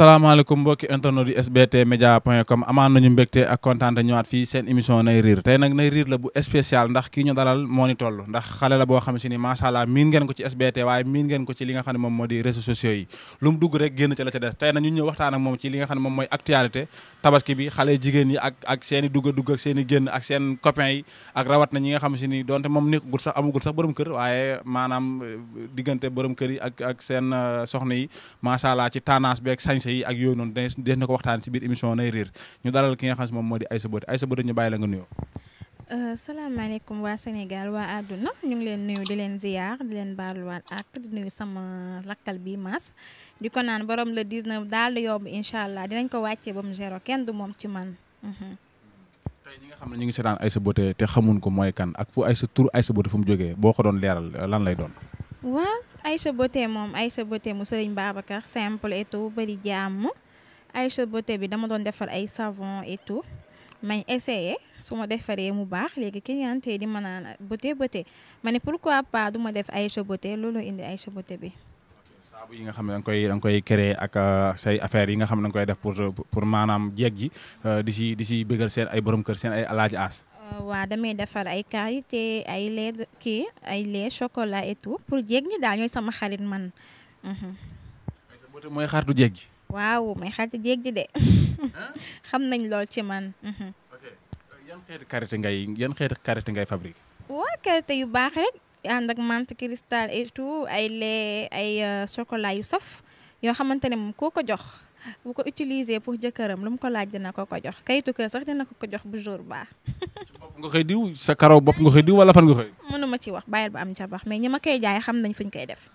asalaamaaleykum mbokki internet yu SBT Média point com amaan nañu mbégte ak kontaan te ñëwaat fii seen émission nay riir tey nag nay riir la bu spécial ndax kii ñu dalal moo toll ndax xale la boo xam si ni macha allah miin ngeen ko ci SBT waaye miin ngeen ko ci li nga xam ne moom moo di réseaux sociaux yi lu mu dugg rek génn ca la ca def tey nag ñu ak moom ci li nga xam mooy actualité tabaski bi xale jigéen ñi ak ak seen dugg dugg ak seen i génn ak seen copains yi ak rawat na ñi nga xam ni donte moom nekkul sax amagul sax borom kër waaye maanaam eh, diggante borom kër yi ak ak seen eh, soxna yi macha allah ci tendance bi ak sañse yi ak yooyu noonu des na ko waxtaan si biir émission nay riir ñu dalal ki nga xam moom moo di Aïssa Boté Aïssa Boté ñu bàyyi la nga nuyoo Euh, salaamaaleykum waa Sénégal waa àdduna ñu ngi leen nuyu di leen ziyaar di leen baaluwaat ak di nuyu sama lakkal bi maas di ko naan borom le 19 daal di yomb incha allah dinañ ko wàccee ba mu zéro kenn du moom ci man. Mhm. tey ñi nga xam ne ñu ngi seetaan Aïssa Beauté te xamuñ ko mooy kan ak fu Aïssa tur Aïssa Beauté fu mu jógee boo ko doon leeral lan lay doon. waaw Aïssa Beauté moom Aïssa Beauté mu sëriñ Babacar simple et tout bëri jàmm bi dama doon defar ay savon et tout. may essayé su ma defaree mu baax léegi cliente yi di ma naan beauté beauté ma ne pourquoi pas du ma def Aïcha beauté loolu indi Aïcha beauté bi. saabu yi nga xam ne danga koy danga koy créer ak euh, say affaire yi nga xam ne danga koy def pour pour maanaam jeeg ji euh, di si di si bëggal seen ay borom kër seen ay alaaji aas. Euh, waaw damay defar ay karité ay lait kii ay lait chocolat et pour jeeg ñi daal ñooy sama xarit man. Mhm. mooy xaritu jeeg ji. waaw may xarit jéeg ji de xam nañ lool ci man. Mhm. ok yan xeeti karité ngay yan xeeti karité ngay fabriqué. waa karité yu baax rek ànd ak menthe cristal et ay lait ay euh, chocolat yu saf yoo xamante ne moom koo ko jox bu ko utiliser pour jëkkëram lu mu ko laaj dina ko ko jox kayitu kër sax dina ko ko jox bu jour baax. bopp nga xëy diw sa karaw bopp nga xëy diw wala fan nga xëy. mënuma ci wax bàyyil ba am jabax mais ñi ma koy jaay xam nañ fuñ koy def.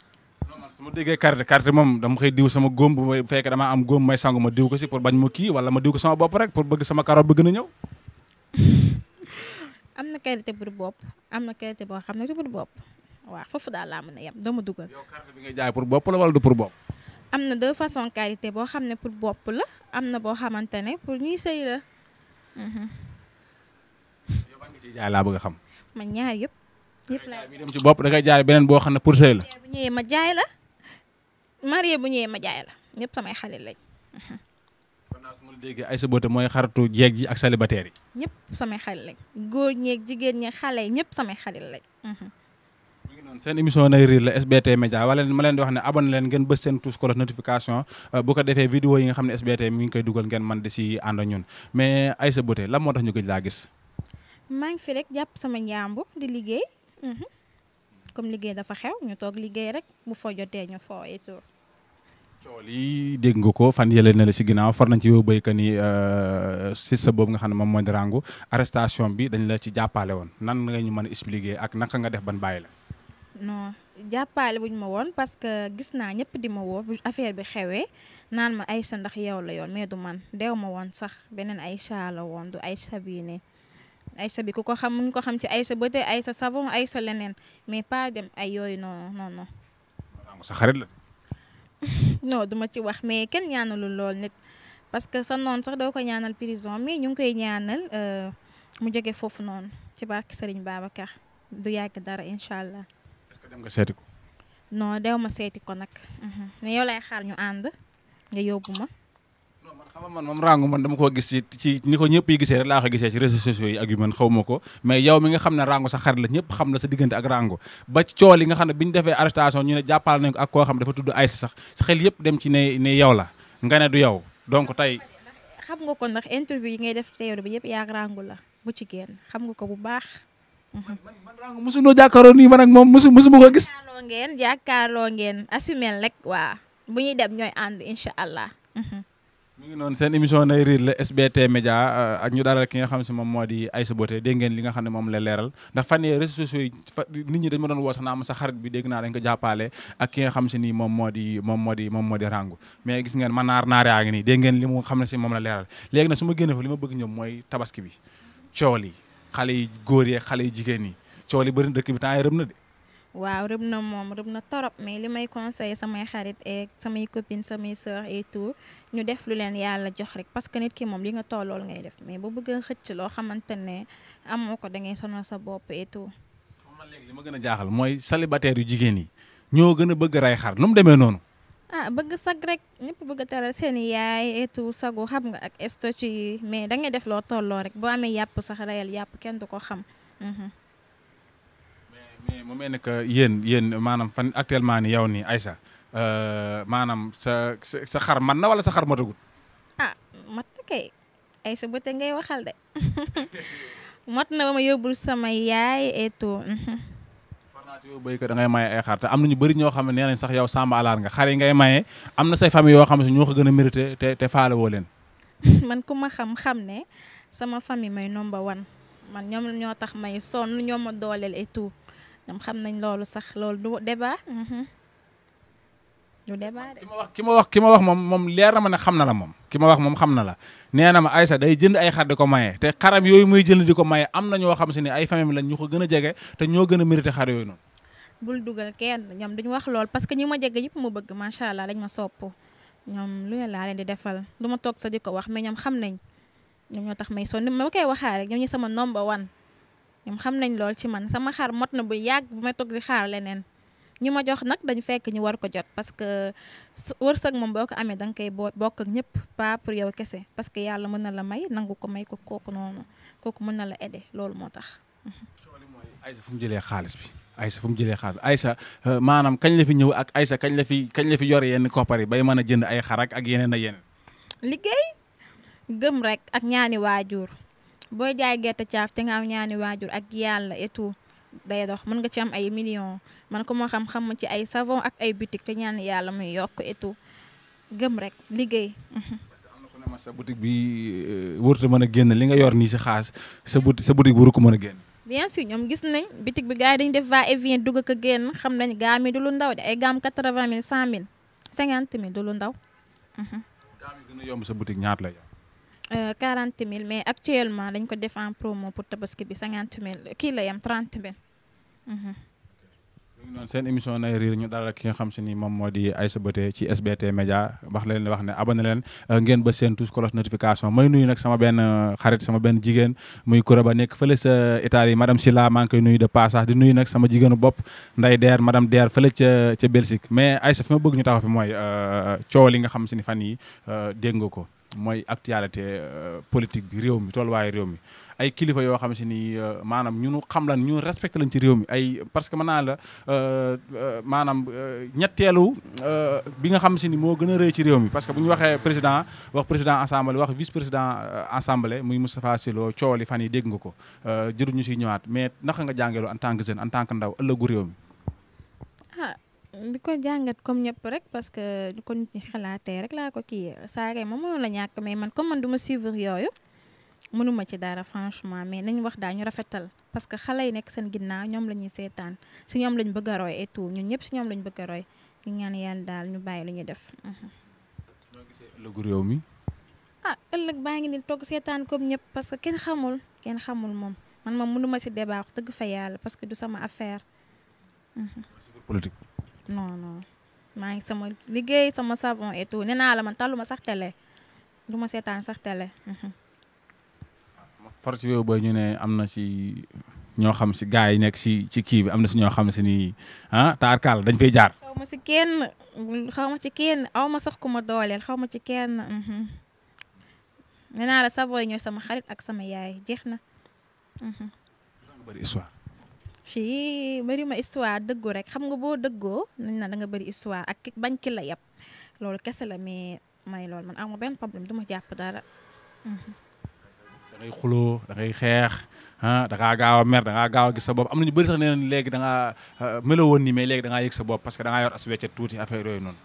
su ma déggee carte carte moom dama koy diw sama góom bu may fekk damaa am góom may sangu ma diw ko si pour bañ ma kii wala ma diw ko sama bopp a am na qualité pour bopp am na qualité boo xam ne pour bopp waaw foofu daal laa mën a dama dugal. yow carte bi ngay jaay pour bopp la wala du pour bopp. am na deux façons qualité boo xam ne pour bopp la am na boo xamante ne pour ñuy sëy la. Mhm. nga ciy jaay laa bëgg a xam. ma ñaar yëpp. yëpp laay bi da ngay jaay beneen boo xam ne pour sëy la. bu ñëwee ma ñëwee ma jaay la ñëpp samay xale lañ. kon naa su ma mooy xaritu jeeg ji ak célibataire yi. ñëpp samay xale lañ góor ñeeg jigéen ñi xale yi ñëpp samay xale lañ. Mhm. seen émission nay riir la SBT Média wala ma leen di wax ne abonné leen ngeen bës seen tous kolos notification euh, bu ko defee vidéo yi nga xam ne SBT mi ngi koy dugal ngeen man di si ànd ñun mais Aïssa Beauté lan moo tax ñu gëj laa gis. maa fi rek jàpp sama njàmbu di liggéey. Mhm. comme liggéey dafa xew ñu toog liggéey rek bu fo jotee ñu foo et tout. tool yi dégg nga ko fan yële na la si ginnaaw far nañ ci yow béykat yi euh, sa boob nga xam ne moom mooy Ndirangu arrestation bi dañ la ci jàppale woon nan nga ñu mën a expliquer ak naka nga def ban bàyyi la. non jàppale buñ ma woon parce que gis naa ñëpp di ma woo affaire bi xewee naan ma Aïcha ndax yow la yoon mais du man deew ma woon sax beneen Aïcha la woon du Aïcha bii ay Aïcha bi ku ko xam mu ngi ko xam ci Aïcha beauté Aïcha savon sa leneen mais pas dem ay yooyu non non non. sax xarit la. non duma ci wax mais kenn ñaanalul lool nit parce que sa noonu sax doo ko ñaanal prison mais ñu ngi koy ñaanal euh, mu jóge foofu noonu ci barke Serigne Babacar du yàgg dara incha allah. est-ce dem nga seeti ko. ma seeti ko nag. Mhm. mais yow lay xaar ñu ànd nga yóbbu ma. xam man moom rangu man dama koo gis ci ci ni ko ñëpp yi gisee rek laa ko gisee ci réseaux sociaux yi ak yu man xaw ma ko mais yow mi nga xam ne rangu sa xarit la ñëpp xam la sa nga xam sax xel yëpp dem ci ne ne nga ne du yow donc tey xam nga ko ndax interview yi ngay def teewlu bi yëpp yaa rangu la bu ci génn xam nga ko bu baax man man rangu mosunoo jàkkaaroo nii man ak moom mosu ma ko gis jàkkaarloo ngeen jàkkaarloo ngeen assumel rek waa bu ñuy dem ñooy ànd incha allah mu ngi noon seen émission nay riir la SBT Média ak ñu daal ki nga xam si moom moo di Aïssa Boté dégg ngeen li nga xam ne moom la leeral ndax fa yee réseaux sociaux yi nit ñi dañ ma sa xarit bi dégg naa dañ ko jàppaale ak xam si nii moom moo moom moo di moom moo di rangu mais gis ngeen ma naar naar yaa ngi nii ngeen li mu xam ne si moom la leeral léegi nag su ma génne fa li ma bëgg ñoom mooy tabaski bi cool yi xale yi góor yi xale yi jigéen yi cool yi bëri dëkk bi temps yi rëm na de waaw rëb na moom rëb na torop mais li may conseillé samay xarit et samay copines samay sœurs et ñu def lu leen yàlla jox rek parce que nit ki moom li nga tollool ngay def mais bu bëgg a loo xamante ne amoo ko da ngay sa bopp ma gën a jaaxal mooy célibataire yu jigéen yi ñoo gën a bëgg ray xar lu mu demee noonu. ah bëgg sag rek ñëpp bëgg a teral seen yaay et tout sagu xam nga ak statut yi mais da ngay def loo tolloo rek boo amee yàpp sax rayal yàpp kenn du ko xam. Mhm. mais mu mel ne que yéen yéen maanaam fan actuellement ni yow nii Aïssa euh, maanaam sa sa xar man na wala sa xar matagul. ah ba ngay waxal na ma yóbbul sama yaay et tout. Mhm. ci yow béykat da ngay ñoo xam nee nañ sax yow sàmba alaar nga xar yi ngay maye am na say famille yoo xam ne ñoo ko gën a mérité te te faale woo leen. man ku ma xam xam ne sama famille may number one man ñoom ñoo tax may sonn ñoo ma dooleel et tout. ñoom xam nañ loolu sax loolu du débat. Mm-hmm. du débat de. ki ma wax ki ma wax ki ma wax moom moom leer na ma ne xam na la moom ki ma wax moom xam na la nee na ma Aïssa day jënd ay xar di ko maye te xaram yooyu muy jënd di ko maye am na ñoo xam si ne ay famille lañ ñu ko gën a jege te ñoo gën a mérité xar yooyu noonu. bul dugal kenn ñoom duñu wax lool parce que ñi ma jege yëpp mu bëgg macha allah dañ ma sopp ñoom lu ne laa leen di defal du ma toog sa di ko wax mais ñoom xam nañ ñoom ñoo tax may sonn ma koy waxaa ñoom xam nañ lool ci man sama xar mot na bu yàgg bu ma toog di xaar leneen ñi ma jox nag dañ fekk ñu war ko jot parce que wërsëg moom boo ko amee danga nga koy bokk ak ñëpp pas pour yow kese parce que yàlla mën na la may nangu ko may ko kooku noonu kooku mën na la aider loolu moo tax. Aïssa fu mu jëlee xaalis bi Aïssa fu mu jëlee xaalis Aïssa euh, maanaam kañ la fi ñëw ak Aïssa kañ la fi kañ la fi yore yenn koppar yi bay mën a jënd ay xarak ak yeneen ak yeneen. liggéey gëm rek ak ñaani waajur. booy jaay gerte caaf te nga am ñaani waajur ak yàlla et tout day dox mën nga ci am ay millions man ko moo xam xam ci ay savon ak ay boutique te ñaan yàlla muy yokk et gëm rek liggéey. Mhm. ma sa boutique bi euh, wërta mën a li nga yor nii si xaas sa boutique sa boutique waru ko mën a génn. bien sûr ñoom gis nañ boutique bi gaa yi dañu def va et vient dugg ko génn xam nañ gaa mi du lu ndaw de ay gaam quatre vingt mille cent mille cinquante mille du lu ndaw. Mhm. gaa mi sa boutique ñaata la Euh, quarante mille mais actuellement dañ ko def en promo pour tabaski bi cinquante mille kii la yam trente mille. Mhm. ñu seen émission nay riir ñu daal ki nga xam si ni moom moo di Aïssa Beuté ci SBT Média wax leen wax ne abonné leen euh, ngeen ba seen tous kolos notification mooy nuyu nag sama benn euh, xarit sama benn jigéen muy kura ba nekk fële yi Italie madame Silla maa ngi koy nuyu de passa di nuyu nag sama jigéenu bop nday deer madame deer fële ca ca Belgique mais Aïssa fi ma bëgg ñu taxaw fi mooy coow li nga xam si ni fan yi dégg nga ko mooy actualité euh, politique bi réew mi toll waaye réew mi ay kilifa yoo xam si ni euh, maanaam ñunu xam lan ñu respecté lañ ci réew mi ay parce que mën naan la euh, maanaam ñetteelu bi nga xam si ni moo gën a rëy ci réew mi parce que bu ñu waxee président wax président assemblée wax vice président assemblée muy Moustapha Sylo coow li fan yi dégg nga ko jëruñu siy ñëwaat mais naka nga jàngeelu en tant que jeune en tant ndaw ëllëgu réew mi di ko jàngat comme ñëpp rek parce que ñu ko nit ñi xalaatee rek laa ko kii saaga yi ma mënu la ñàkk mais man comme man du ma suivre yooyu mënuma ci dara franchement mais nañ wax daal ñu rafetal parce que xale yi nekk seen ginnaaw ñoom la ñuy seetaan si ñoom lañ bëgg a roy et tout ñun ñëpp si ñoom lañu bëgg a roy ñu ñaan yàlla daal ñu bàyyi lu ñuy def. Mhm. noo gisee ëllëgu ah, ëllëg baa ngi ni toog seetaan comme ñëpp parce que kenn xamul kenn xamul moom man moom mënuma ci débat tëgg fa yàlla parce que du sama affaire. Mhm. non non maa ngi sama liggéey sama savon et tout naa la ma tallu ma sax télé du ma seetaan sax télé. Mhm. force yooyu booy ñu ne am na si ñoo xam si gars yi nekk si ci kii bi am na si ñoo xam si ni ah taarkaal dañ fay jaar. xaw ma si kenn xaw ma ci kenn aw ma sax ku ma dooleel xaw ma ci kenn. Mhm. nee naa la savon yi sama xarit ak sama yaay jeex na. Mhm. bëri ci ma histoire dëggu rek xam nga boo dëggoo nañ na da nga bëri histoire ak bañ ki la yab loolu kese la mais may loolu man amu benn problème du ma jàpp dara. Mhm. da ngay xuloo da ngay xeex ah da ngaa gaaw a mer da gaaw a gis sa bopp am na ñu bëri sax nee léegi da ngaa ah, meloo woon nii mais léegi da ngaa yëg sa bopp que da ngaa yor as wecce tuuti affaire yooyu noonu.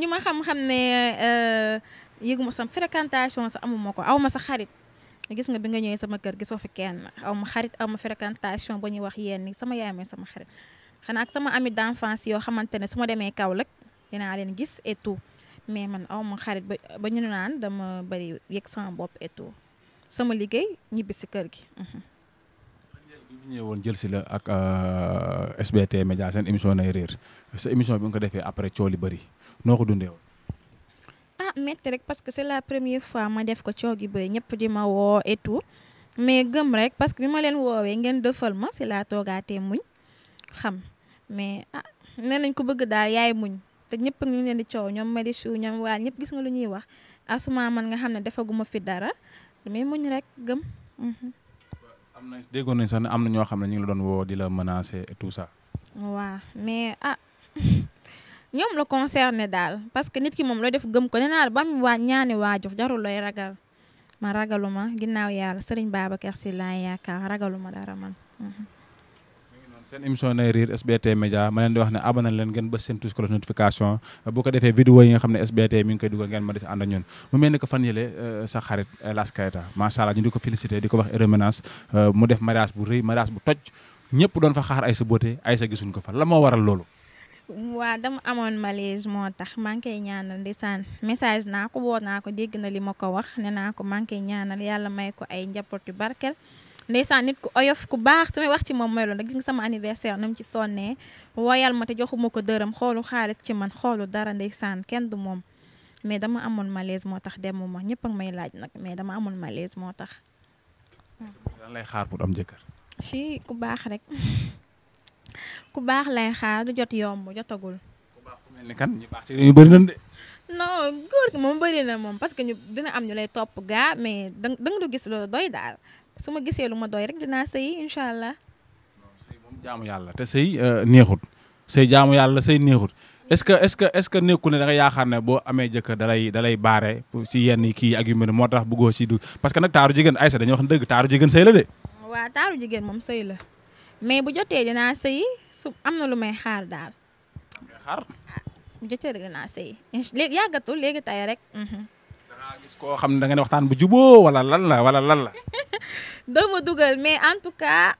ñu ma xam-xam ne euh, yëgu ma sam fréquentation sa amuma ko aw ma sa xarit. gis nga bi nga ñëwee sama kër gi soo fi kenn aw ma xarit aw ma fréquentation ba ñu wax yenn sama yaay mooy sama xarit xanaa ak sama ami d'enfance yoo xamante ne su ma demee Kaolack dinaa leen gis et mais man aw xarit ba ba ñu naan dama bëri yëg sama bopp et sama liggéey ñibbi si kër gi. Mhm. jël si la ak euh, SBT Média seen émission nay réer sa émission bi nga ko defee après coow li bëri noo ko dundee metti rek parce que c'est la première fois ma def ko coogi ba ñëpp di ma woo et tout mais gëm rek parce que bi ma leen woowee ngeen defal ma si laa toogaatee muñ xam mais ah nee nañ ko bëgg daal yaay muñ te ñëpp ñu leen di coow ñoom ma Marichou ñoom waa ñëpp gis nga lu ñuy wax asuma ah, man nga xam ne defaguma fi dara mais muñ rek gëm. Mhm. am na déggoon nañ sax ne am na ñoo xam ne ñu ngi la doon woo di la menacer et tout ça. mais ah. ñoom la concerné daal parce que nit ki moom looy def gëm ko nee naa la ba mu waa ñaani waajur jarul looy ragal ma ragaluma ginnaaw yàlla Serigne Babacar Sy laa yaakaar ragaluma dara man. Mhm. seen émission nay riir SBT Média ma leen di wax ne abonné leen ngeen bës seen touche cloche notification bu ko defee vidéo yi nga xam ne SBT mi ngi koy dugal ngeen ma di si ànd ak ñun mu mel ni que fan yële euh, sa xarit El euh, Hadj Keita macha di ko félicité di ko wax remercié euh, mu def mariage bu rëy mariage bu toj ñëpp doon fa xaar ay sa beauté ay sa gisuñ ko fa la moo waral loolu. waa dama amoon malaise moo tax maa ngi koy ñaanal ndeysaan message naa ko woo naa ko dégg na li ma ko wax ne naa ko maa ñaanal yàlla may ko ay njaboot yu barkeel ndeysaan nit ku oyof ku baax samay wax ci moom mooy loolu nag gis sama anniversaire nu mu ci sonnee woyal ma te joxuma ko dërëm xoolu xaalis ci man xoolu dara ndeysaan kenn du moom mais dama amoon malaise moo tax demuma ñëpp ak may laaj nag mais dama amoon malaise moo tax. si ku baax rek. ku baax lay xaar du jot yomb jotagul. ku baax ku mel ni kan ñu baax ci ñu bëri nañ de. moom bëri na moom parce que ñu dina am ñu lay topp gaa mais da nga du gis loolu doy daal su ma gisee lu ma doy rek dinaa sëy incha allah. sëy moom jaamu yàlla te sëy euh, neexut sëy jaamu yàlla sëy neexut est-ce que est-ce que est-ce que nekkul ne da nga yaakaar ne boo amee jëkkër dalay baare ci yenn kii ak yu mel moo tax bëggoo ci du parce que nag taaru jigéen Aïssa dañuy wax dëgg taaru jigéen sëy la de. waaw taaru jigéen moom sëy la mais bu jotee dinaa sëy su am na lu may xaar daal. xaar. Ah, jëccër gi naa sëy léegi yàggatul léegi tey rek. Mhm. danaa gis koo xam ne da waxtaan bu juboo wala lan la wala lan la. doo ma dugal mais en tout cas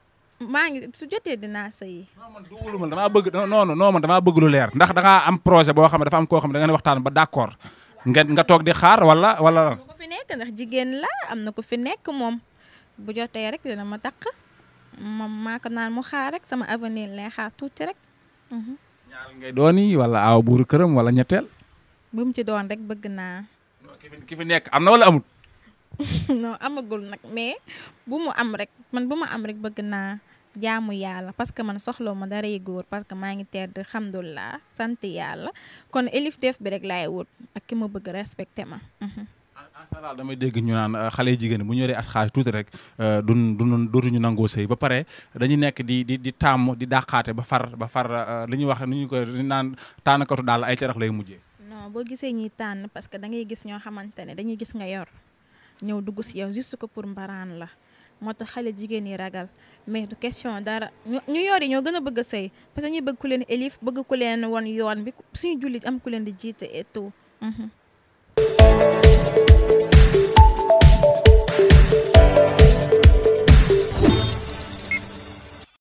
maa ngi su jotee dinaa sëy. non man dugaluma damaa bëgg non non man damaa bëgg lu leer ndax danga am projet boo xam ne dafa am koo xam ne da ngeen waxtaan ba d'accord nga nga toog di xaar wala wala lan. ko fi nekk ndax jigéen la am na ko fi nekk moom bu jotee rek dina ma takk. ma maa mu xaar rek sama avenir lay xaar tuuti rek. Mhm. ñaar ngay dooni wala aaw buur këram wala ñetteel. bu mu ci doon rek bëgg naa. ki nekk am na wala amut. non amagul nag mais bu mu am rek man bu ma am rek bëgg naa jaamu yàlla parce que man soxloo ma dara yi góor parce que maa ngi tedd alhamdulilah sant yàlla kon elif bi rek laay wut ak ki ma bëgg respecté ma. Mhm. en général damay dégg ñu naan euh, xale jigéen bu ñu yoree as xaalis tuuti rek euh, duñ duñ dootuñu nangoo sëy ba pare dañuy nekk di di di tàmm di dàqaate ba far ba far euh, li ñuy wax nu ñu ko naan tànnakatu daal ay carax lay mujjee. non boo gisee ñuy tànn parce que da ngay gis ñoo xamante ne dañuy gis nga yor ñëw dugg si yow juste que pour mbaraan la moo tax xale jigéen yi ragal mais du question dara ñu yor ñoo gën a bëgg a sëy parce que ñuy bëgg ku leen élif bëgg ku leen won yoon suñu jullit am ku leen di jiite et Thank you